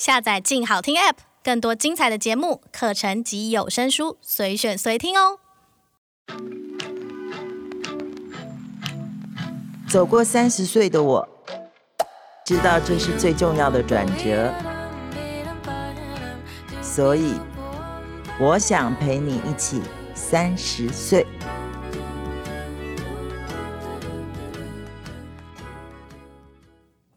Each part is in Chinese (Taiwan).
下載“鏡好聽 ”App，更多精彩的節目、課程及有聲書，隨選隨聽哦。走過三十歲的我，知道這是最重要的轉折，所以我想陪你一起三十歲。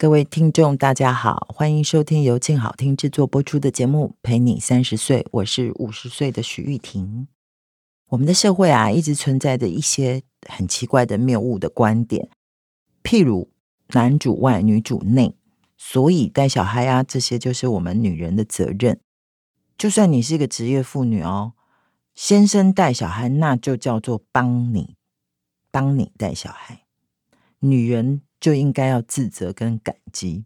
各位聽眾，大家好，歡迎收聽由靜好聽制作播出的節目《陪你三十歲》，我是五十歲的許玉婷。我們的社會啊，一直存在着一些很奇怪的謬誤的觀點，譬如男主外女主內，所以帶小孩啊，這些就是我們女人的責任。就算你是一個職業婦女哦，先生帶小孩，那就叫做幫你，幫你帶小孩，女人就應該要自責跟感激。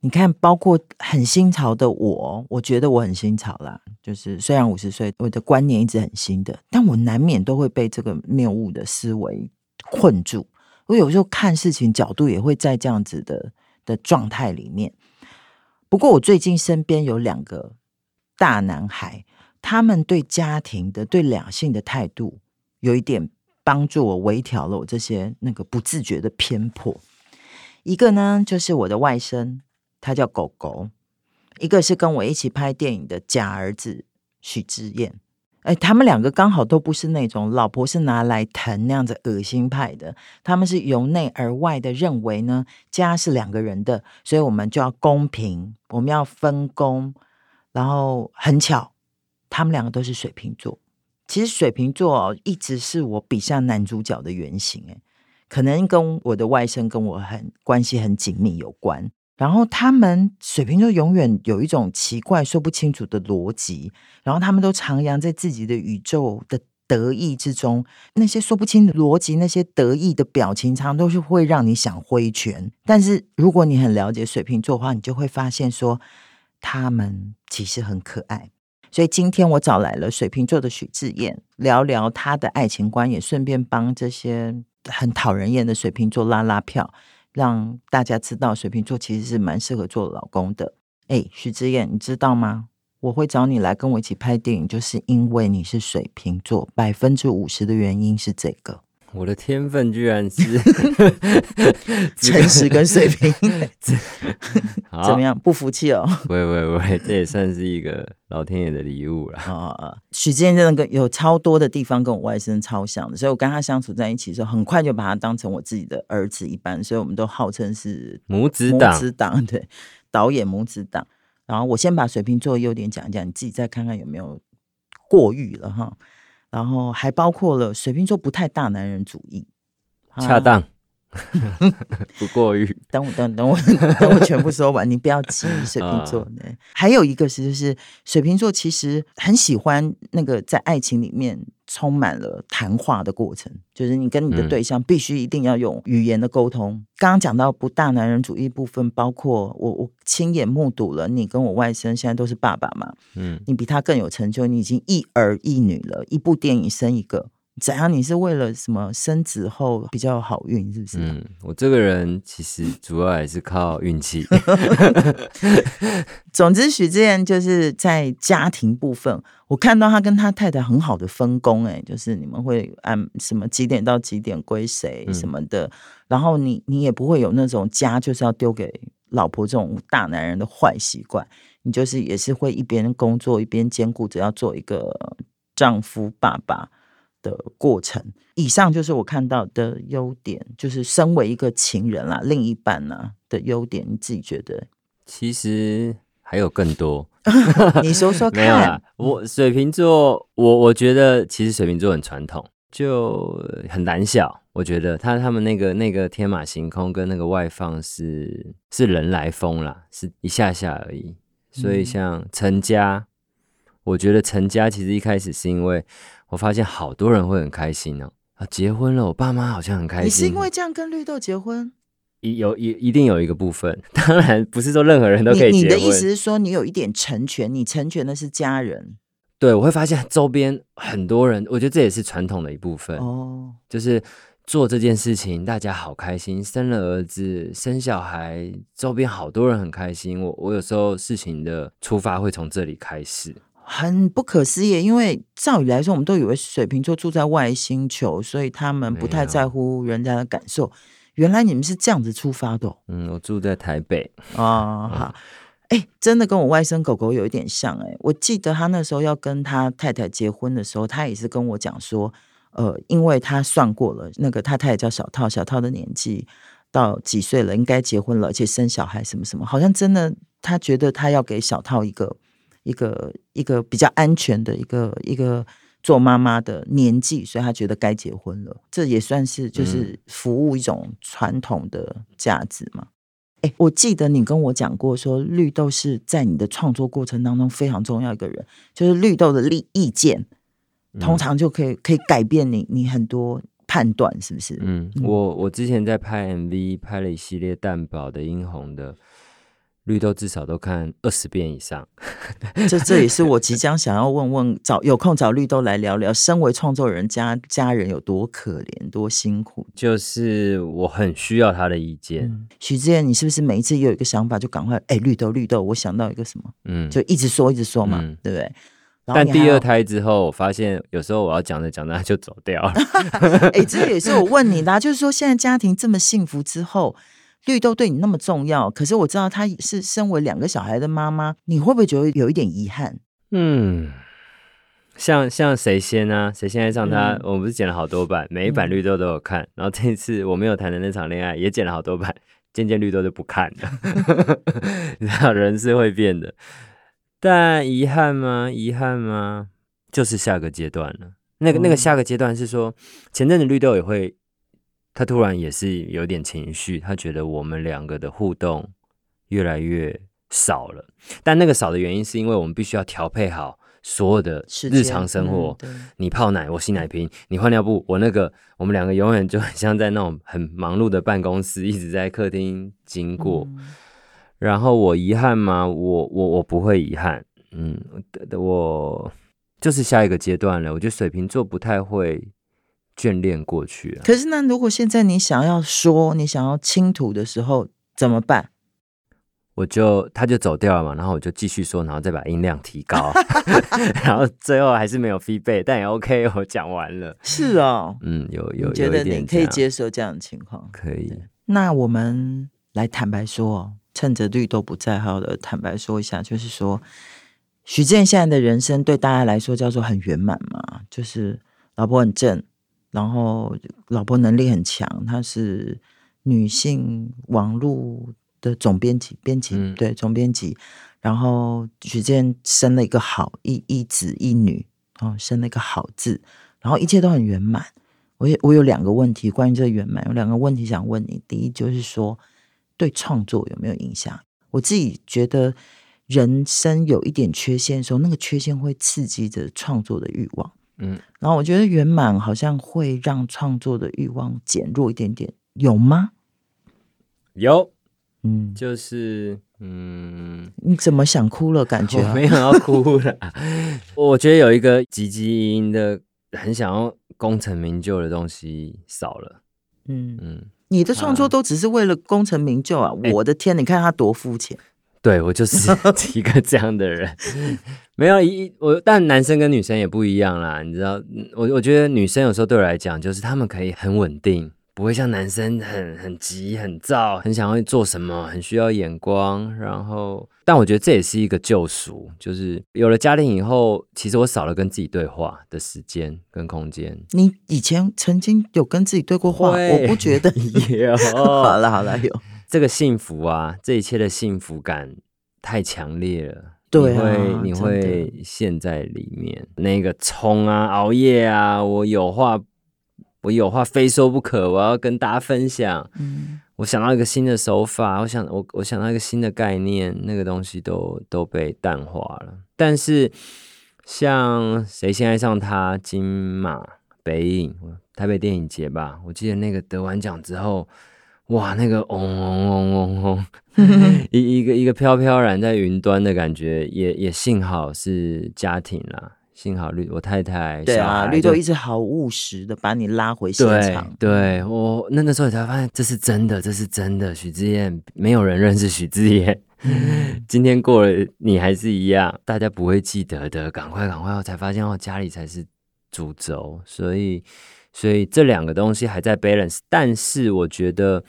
你看，包括很新潮的我，我覺得我很新潮啦。就是雖然五十歲，我的觀念一直很新的，但我難免都會被這個謬誤的思維困住。我有時候看事情角度也會在這樣子的的狀態裡面。不過，我最近身邊有兩個大男孩，他們對家庭的、對兩性的態度有一點。幫助我微調了我這些那個不自覺的偏頗。一個呢，就是我的外甥，他叫狗狗；一個是跟我一起拍電影的假兒子許智彥。哎、欸，他們兩個剛好都不是那種老婆是拿來疼那樣子噁心派的。他們是由內而外的認為呢，家是兩個人的，所以我們就要公平，我們要分工。然後很巧，他們兩個都是水瓶座。其實水瓶座一直是我筆下男主角的原型，誒，可能跟我的外甥跟我很關係很緊密有關。然後他們水瓶座永遠有一種奇怪說不清楚的邏輯，然後他們都徜徉在自己的宇宙的得意之中。那些說不清的邏輯，那些得意的表情，常常都是會讓你想揮拳。但是如果你很了解水瓶座的話，你就會發現說，他們其實很可愛。所以今天我找來了水瓶座的許智彥，聊聊他的愛情觀，也順便幫這些很討人厭的水瓶座拉拉票，讓大家知道水瓶座其實是蠻適合做老公的。哎，許智彥，你知道嗎？我會找你來跟我一起拍電影，就是因為你是水瓶座，百分之五十的原因是這個。我的天分居然是 誠實跟水瓶 怎麼樣？不服氣哦？喂喂喂，這也算是一個老天爺的禮物了。許智彥真的跟有超多的地方跟我外甥超像的，所以我跟他相處在一起的時候，很快就把他當成我自己的兒子一般，所以我們都號稱是母子黨。母子黨，對，導演母子黨。然後我先把水瓶座的優點講一講，你自己再看看有沒有過譽了哈。然後還包括了，水瓶座不太大男人主義、啊，恰當， 不過於。等我，等我，等我，等我全部說完， 你不要急。水瓶座呢，還有一個是，就是，就是水瓶座其實很喜歡那個在愛情裡面。充滿了談話的過程，就是你跟你的對象必須一定要用語言的溝通。剛剛講到不大男人主義部分，包括我我親眼目睹了你跟我外甥，現在都是爸爸嘛，嗯，你比他更有成就，你已經一兒一女了，一部電影生一個。怎樣？你是為了什麼生子後比較好運，是不是、啊？嗯，我這個人其實主要還是靠運氣。總之，許智彥就是在家庭部分，我看到他跟他太太很好的分工、欸，哎，就是你們會按什麼幾點到幾點歸誰什麼的，嗯、然後你你也不會有那種家就是要丟給老婆這種大男人的壞習慣，你就是也是會一邊工作一邊兼顧着要做一個丈夫爸爸。的過程，以上就是我看到的優點，就是身為一個情人啦，啊，另一半呢，啊，的優點，你自己覺得？其實還有更多 你說說看 啦。我水瓶座，我我覺得其實水瓶座很傳統，就很膽小。我覺得他他們那個那個天馬行空跟那個外放是是人來瘋啦，是一下下而已。所以像成家，嗯，我覺得成家其實一開始是因為。我發現好多人會很開心哦啊,啊，結婚了，我爸媽好像很開心。你是因為這樣跟綠豆結婚？一有一一定有一個部分，當然不是說任何人都可以結婚。你,你的意思是說，你有一點成全，你成全的是家人。對，我會發現周邊很多人，我覺得這也是傳統的一部分哦，就是做這件事情，大家好開心，生了兒子，生小孩，周邊好多人很開心。我我有時候事情的出發會從這裡開始。很不可思議，因為照理來說，我們都以為水瓶座住在外星球，所以他們不太在乎人家的感受。原來你們是這樣子出發的、哦。嗯，我住在台北。哦，好，哎，嗯欸，真的跟我外甥狗狗有一點像，欸。哎，我記得他那時候要跟他太太結婚的時候，他也是跟我講說，呃，因為他算過了，那個他太太叫小濤，小濤的年紀到幾歲了，應該結婚了，而且生小孩什麼什麼，好像真的，他覺得他要給小濤一個。一個一個比較安全的一個一個做媽媽的年紀，所以她覺得該結婚了。這也算是就是服務一種傳統的價值嘛？嗯、誒，我記得你跟我講過說，說綠豆是在你的創作過程當中非常重要一個人，就是綠豆的利意見，通常就可以可以改變你你很多判斷，是不是？嗯，嗯我我之前在拍 MV，拍了一系列蛋堡的，的、英紅的。綠豆至少都看二十遍以上， 這這也是我即將想要問問，找有空找綠豆來聊聊。身為創作人家家人有多可憐，多辛苦，就是我很需要他的意見。許、嗯、智彥，你是不是每一次有一個想法就趕快？哎、欸，綠豆綠豆，我想到一個什麼？嗯，就一直說一直說嘛，嗯、對不對？但第二胎之後，我發現有時候我要講着講着他就走掉了。哎、 欸，這也是我問你的， 就是說現在家庭這麼幸福之後。綠豆對你那麼重要，可是我知道她是身為兩個小孩的媽媽，你會不會覺得有一點遺憾？嗯，像像誰先啊？誰先愛上他，嗯？我不是剪了好多版，每一版綠豆都有看，嗯、然後這次我沒有談的那場戀愛也剪了好多版，漸漸綠豆就不看了 你知道。人是會變的，但遺憾嗎？遺憾嗎？就是下個階段了。嗯、那個那個下個階段是說，前陣子綠豆也會。他突然也是有點情緒，他覺得我們兩個的互動越來越少了。但那個少的原因是因為我們必須要調配好所有的日常生活。嗯、你泡奶，我洗奶瓶；你換尿布，我那個。我們兩個永遠就很像在那種很忙碌的辦公室，一直在客廳經過。嗯、然後我遺憾嗎？我我我不會遺憾。嗯，我就是下一個階段了。我覺得水瓶座不太會，眷戀過去，可是那如果現在你想要說，你想要傾吐的時候怎麼辦？我就他就走掉了嘛，然後我就繼續說，然後再把音量提高， 然後最後還是沒有 feedback，但也 OK，我講完了。是哦，嗯，有有覺得你可以接受這樣的情況，可以。那我們來坦白說，趁着綠豆不在，好的坦白說一下，就是說，許智彥現在的人生對大家來說叫做很圓滿嘛，就是老婆很正。然後，老婆能力很強，她是女性網絡的總編輯，編輯，對，總編輯。然後，許健生了一個好，一一子一女，哦，生了一個好字，然後一切都很圓滿。我也我有兩個問題關於這個圓滿，我有兩個問題想問你。第一就是說，對創作有沒有影響？我自己覺得，人生有一點缺陷的時候，說那個缺陷會刺激着創作的慾望。嗯，然後我覺得圓滿好像會讓創作的慾望減弱一點點，有嗎？有，嗯，就是，嗯，你怎麼想哭了？感覺、啊、沒有要哭了。 我覺得有一個汲汲營營的很想要功成名就的東西少了。嗯嗯，你的創作都只是為了功成名就啊！嗯、我的天，你看他多膚淺。對，我就是一個這樣的人， 沒有一我，但男生跟女生也不一樣啦，你知道，我我覺得女生有時候對我來講，就是他們可以很穩定，不會像男生很很急、很躁、很想要做什麼、很需要眼光，然後，但我覺得這也是一個救贖，就是有了家庭以後，其實我少了跟自己對話的時間跟空間。你以前曾經有跟自己對過話？我不覺得有。 好了好了有。這個幸福啊，這一切的幸福感太強烈了，對啊，你會你會陷在裡面。那個衝啊，熬夜啊，我有話我有話非說不可，我要跟大家分享。嗯，我想到一個新的手法，我想我我想到一個新的概念，那個東西都都被淡化了。但是像誰先愛上他？金馬、北影，台北電影節吧，我記得那個得完獎之後。哇，那個嗡嗡嗡嗡嗡，一一個一個飄飄然在雲端的感覺，也也幸好是家庭啦，幸好綠我太太，對啊，綠豆一直好務實的把你拉回現場。對,對我那個時候才發現，這是真的，這是真的。許智彥沒有人認識許智彥， 今天過了你還是一樣，大家不會記得的，趕快趕快，我才發現哦，家裡才是主軸，所以。所以這兩個東西還在 balance，但是我覺得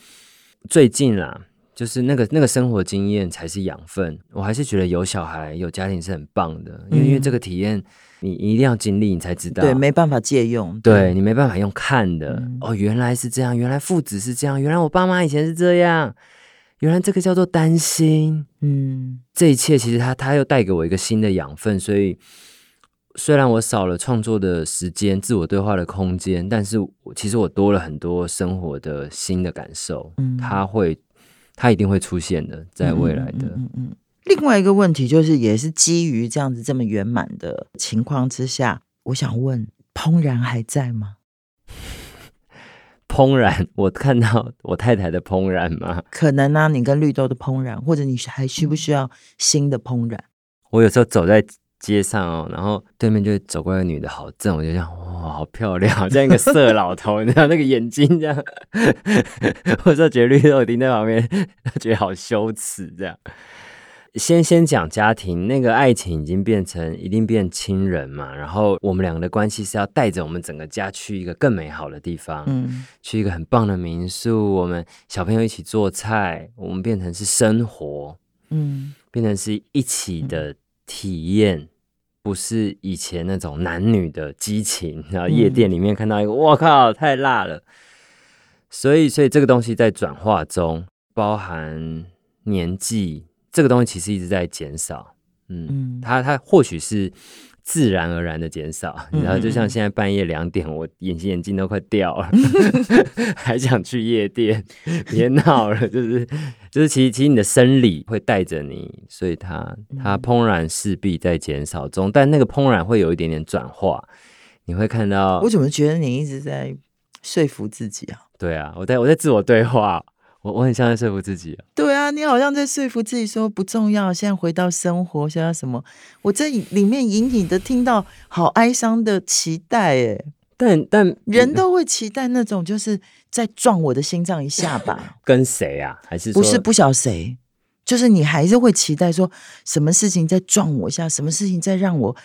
最近啦，就是那個那個生活經驗才是養分。我還是覺得有小孩有家庭是很棒的，因為因為這個體驗你一定要經歷，你才知道，嗯。對，沒辦法借用，對，對，你沒辦法用看的，嗯。哦，原來是這樣，原來父子是這樣，原來我爸媽以前是這樣，原來這個叫做擔心。嗯，這一切其實他他又帶給我一個新的養分，所以。雖然我少了創作的時間、自我對話的空間，但是我其實我多了很多生活的新的感受。嗯，它會，它一定會出現的，在未來的。嗯嗯，嗯，嗯。另外一個問題就是，也是基於這樣子這麼圓滿的情況之下，我想問：怦然還在嗎？怦 然，我看到我太太的怦然嗎？可能呢、啊，你跟綠豆的怦然，或者你還需不需要新的怦然？我有時候走在。街上哦，然後對面就走過來一個女的，好正，我就想哇，好漂亮，好像一個色老頭， 你知道那個眼睛這樣。或者說覺得綠豆丁在旁邊，覺得好羞恥這樣。先先講家庭，那個愛情已經變成一定變親人嘛。然後我們兩個的關係是要帶着我們整個家去一個更美好的地方，嗯，去一個很棒的民宿。我們小朋友一起做菜，我們變成是生活，嗯，變成是一起的。體驗不是以前那種男女的激情，然後夜店裡面看到一個，哇、嗯、靠，太辣了。所以，所以這個東西在轉化中，包含年紀，這個東西其實一直在減少。嗯，嗯，它它或許是。自然而然的減少，然後就像現在半夜兩點，我隱形眼鏡都快掉了，嗯、 還想去夜店，別鬧了，就是就是，其實其實你的生理會帶着你，所以它它怦然勢必在減少中、嗯，但那個怦然會有一點點轉化，你會看到。我怎麼覺得你一直在說服自己啊？對啊，我在我在自我對話。我，我很像在說服自己，啊，對啊，你好像在說服自己說不重要。現在回到生活，想要什麼？我這裡面隱隱的聽到好哀傷的期待，欸，哎，但但人都會期待那種，就是在撞我的心臟一下吧？跟誰啊？還是說，不是不曉誰？就是你還是會期待說什麼事情再撞我一下，什麼事情再讓我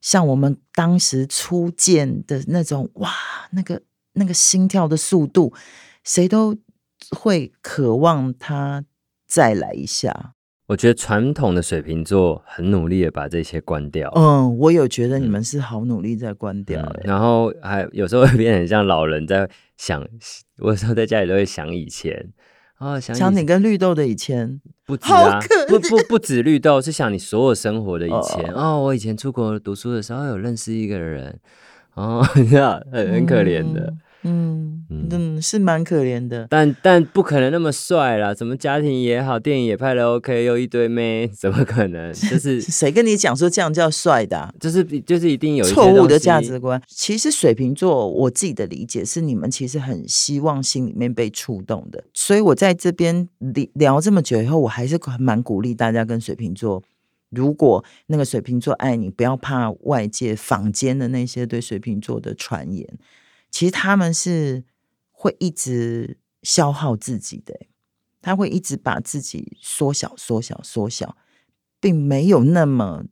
像我們當時初見的那種哇，那個那個心跳的速度，誰都。會渴望他再來一下。我覺得傳統的水瓶座很努力的把這些關掉。嗯，我有覺得你們是好努力在關掉。嗯。然後還有時候會變很像老人在想，我有時候在家裡都會想以前。哦，想想你跟綠豆的以前，不止啊，不不不止綠豆，是想你所有生活的以前。哦，哦，我以前出國讀書的時候，我有認識一個人，哦，你知道，很很可憐的。嗯嗯嗯，嗯，是蠻可憐的，但但不可能那麼帥啦，怎麼家庭也好，電影也拍了。OK，又一堆妹，怎麼可能？就是誰 跟你講說這樣叫帥的啊？就是就是一定有錯誤的價值觀。其實水瓶座，我自己的理解是，你們其實很希望心裡面被觸動的。所以我在這邊聊聊這麼久以後，我還是蠻鼓勵大家跟水瓶座。如果那個水瓶座愛你，不要怕外界坊間的那些對水瓶座的傳言。其實他們是會一直消耗自己的，他會一直把自己縮小、縮小、縮小，並沒有那麼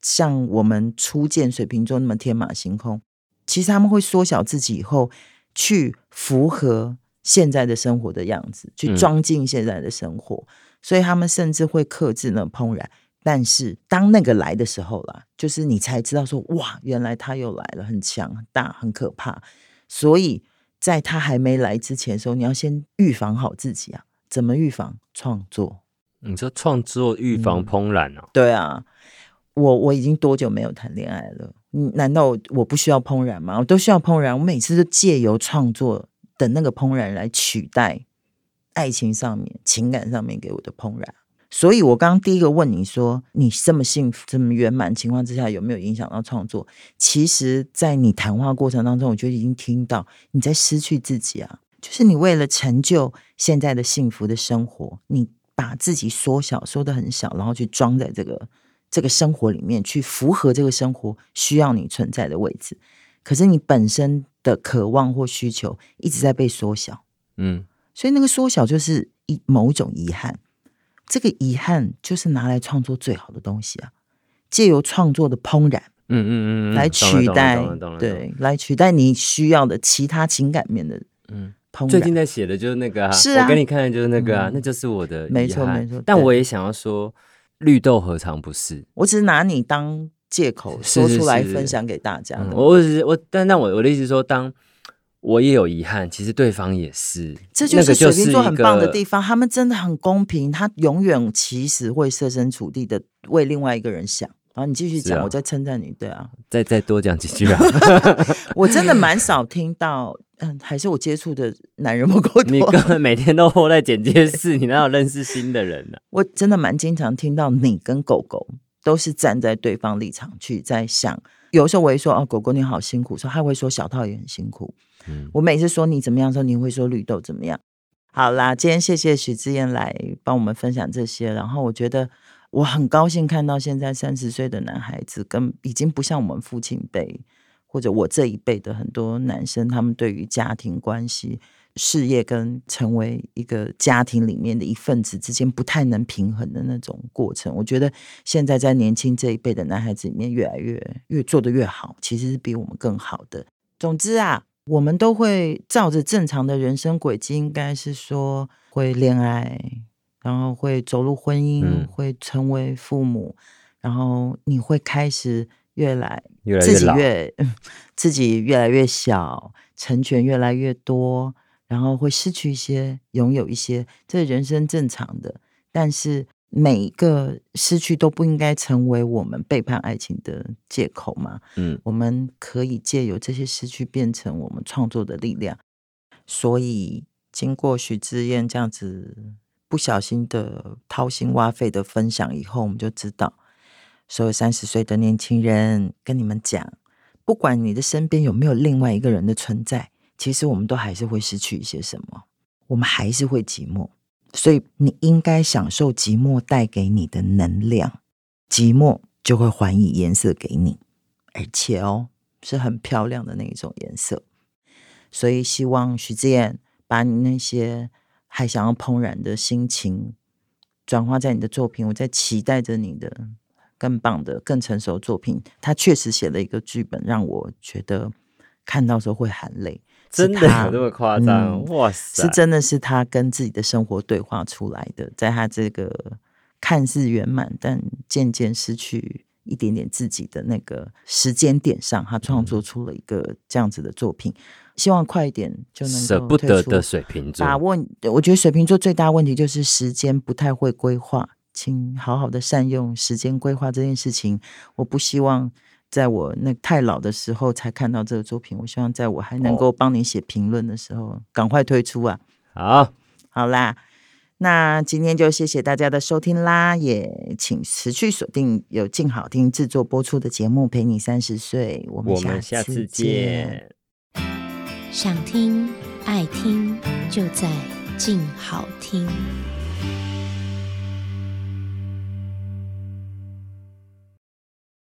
像我們初見水瓶座那麼天馬行空。其實他們會縮小自己以後，去符合現在的生活的樣子，去裝進現在的生活，嗯、所以他們甚至會克制那怦然。但是當那個來的時候啦，就是你才知道說哇，原來他又來了，很強很大，很可怕。所以在他還沒來之前的時候，你要先預防好自己啊。怎麼預防創作？你說創作預防怦然啊、嗯？對啊，我我已經多久沒有談戀愛了？你難道我不需要怦然嗎？我都需要怦然。我每次都借由創作等那個怦然來取代愛情上面、情感上面給我的怦然。所以，我剛剛第一個問你說，你這麼幸福、這麼圓滿情況之下，有沒有影響到創作？其實，在你談話過程當中，我覺得已經聽到你在失去自己啊，就是你為了成就現在的幸福的生活，你把自己縮小，縮得很小，然後去裝在這個這個生活裡面，去符合這個生活需要你存在的位置。可是，你本身的渴望或需求一直在被縮小，嗯，所以那個縮小就是一某種遺憾。這個遺憾就是拿來創作最好的東西啊，借由創作的怦然，嗯嗯嗯，來取代，嗯嗯嗯，對，來取代你需要的其他情感面的怦然，嗯。最近在寫的就是那個，啊是啊，我給你看的就是那個，啊嗯，那就是我的遺憾，嗯，沒錯沒錯。但我也想要說，綠豆何嘗不是？我只是拿你當借口，是是是說出來分享給大家的，嗯。我只是我，但但我我的意思是說當。我也有遺憾，其實對方也是，這就是水瓶座很棒的地方、那個，他們真的很公平，他永遠其實會設身處地的為另外一個人想。然後你繼續講、啊，我再稱讚你，對啊，再再多講幾句啊。 我真的蠻少聽到，嗯，還是我接觸的男人不夠多。你根本每天都活在剪接室，你哪有認識新的人呢、啊？ 我真的蠻經常聽到你跟狗狗都是站在對方立場去在想，有時候我會說哦，狗狗你好辛苦，說他會說小套也很辛苦。我每次說你怎麼樣的時候，你會說綠豆怎麼樣？好啦，今天謝謝許智彥來幫我們分享這些。然後我覺得我很高興看到現在三十歲的男孩子，跟已經不像我們父親輩或者我這一輩的很多男生，他們對於家庭關係、事業跟成為一個家庭裡面的一份子之間不太能平衡的那種過程。我覺得現在在年輕這一輩的男孩子裡面，越來越越做得越好，其實是比我們更好的。總之啊。我們都會照着正常的人生軌跡，應該是說會戀愛，然後會走入婚姻，嗯，會成為父母，然後你會開始越來自己越，越，來越 自己越來越小，成全越來越多，然後會失去一些，擁有一些，這是人生正常的，但是。每一個失去都不應該成為我們背叛愛情的借口嘛？嗯，我們可以借由這些失去變成我們創作的力量。所以，經過許智彥這樣子不小心的掏心挖肺的分享以後，我們就知道，所有三十歲的年輕人跟你們講，不管你的身邊有沒有另外一個人的存在，其實我們都還是會失去一些什麼，我們還是會寂寞。所以你應該享受寂寞帶給你的能量，寂寞就會還以顏色給你，而且哦，是很漂亮的那一種顏色。所以希望許智彥把你那些還想要怦然的心情，轉化在你的作品。我在期待着你的更棒的、更成熟的作品。他確實寫了一個劇本，讓我覺得看到時候會含淚。真的有、啊、那、嗯、麼誇張？哇塞！是真的是他跟自己的生活對話出來的，在他這個看似圓滿，但漸漸失去一點點自己的那個時間點上，他創作出了一個這樣子的作品。嗯、希望快一點就能捨不得的水瓶座，把握。我覺得水瓶座最大問題就是時間不太會規劃，請好好的善用時間規劃這件事情。我不希望。在我那太老的時候才看到這個作品，我希望在我還能夠幫你寫評論的時候，oh. 趕快推出啊！好、oh.，好啦，那今天就謝謝大家的收聽啦，也請持續鎖定由勁好聽製作播出的節目《陪你三十歲》，我們下次見。次見，想聽愛聽就在勁好聽。